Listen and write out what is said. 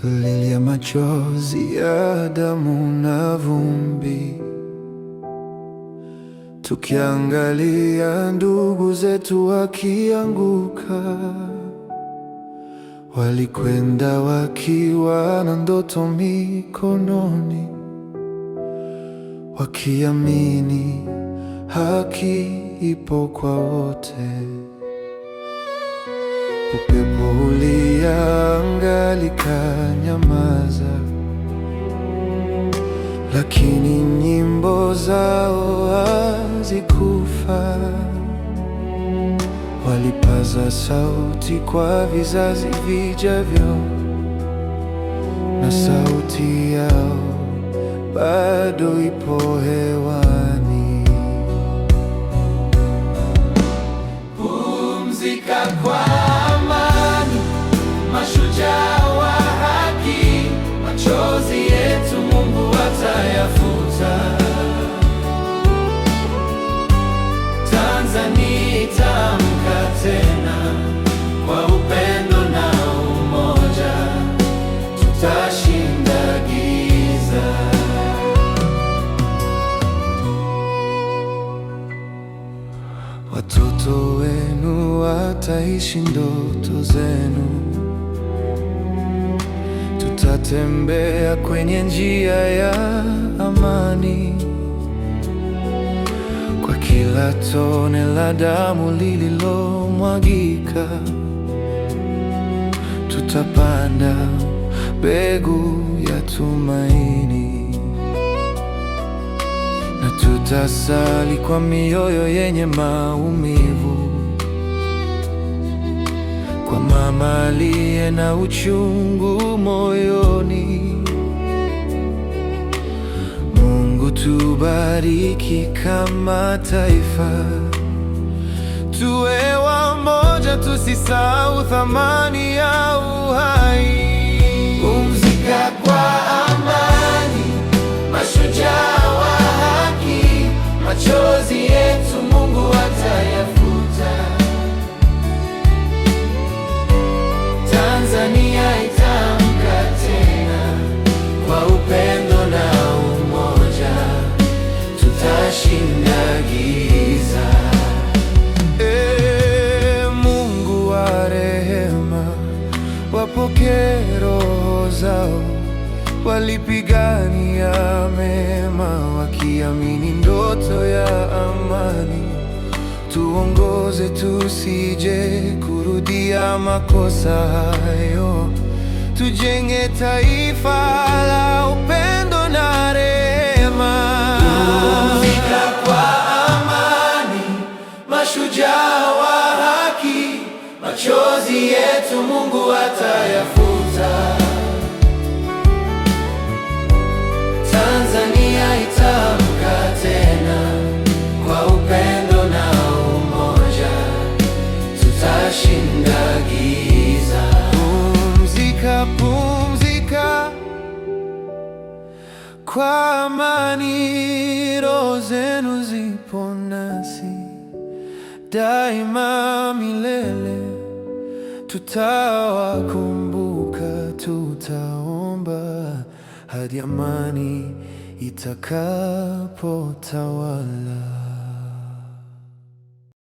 tulilia machozi ya damu na vumbi, tukiangalia ndugu zetu wakianguka, walikwenda wakiwa na ndoto mikononi, wakiamini haki ipo kwa wote ya anga likanyamaza, lakini nyimbo zao hazikufa. Walipaza sauti kwa vizazi vijavyo, na sauti yao bado ipo hewani. Pumzika kwa Watoto wenu wataishi ndoto zenu, tutatembea kwenye njia ya amani. Kwa kila tone la damu lililomwagika, tutapanda mbegu ya tumaini tutasali kwa mioyo yenye maumivu, kwa mama aliye na uchungu moyoni. Mungu, tubariki kama taifa, tuwe wamoja, tusisahau thamani ya uhai. Pumzika kwa linashinda giza. E, ee, Mungu wa rehema, wapokee roho zao walipigania mema, wakiamini ndoto ya amani. Tuongoze tusije kurudia makosa hayo, tujenge taifa la upendo. yetu Mungu atayafuta. Tanzania itaamka tena kwa upendo na umoja, tutashinda giza. Pumzika, pumzika kwa amani, roho zenu zipo nasi daima milele. Tutawakumbuka, tutaomba hadi amani itakapotawala.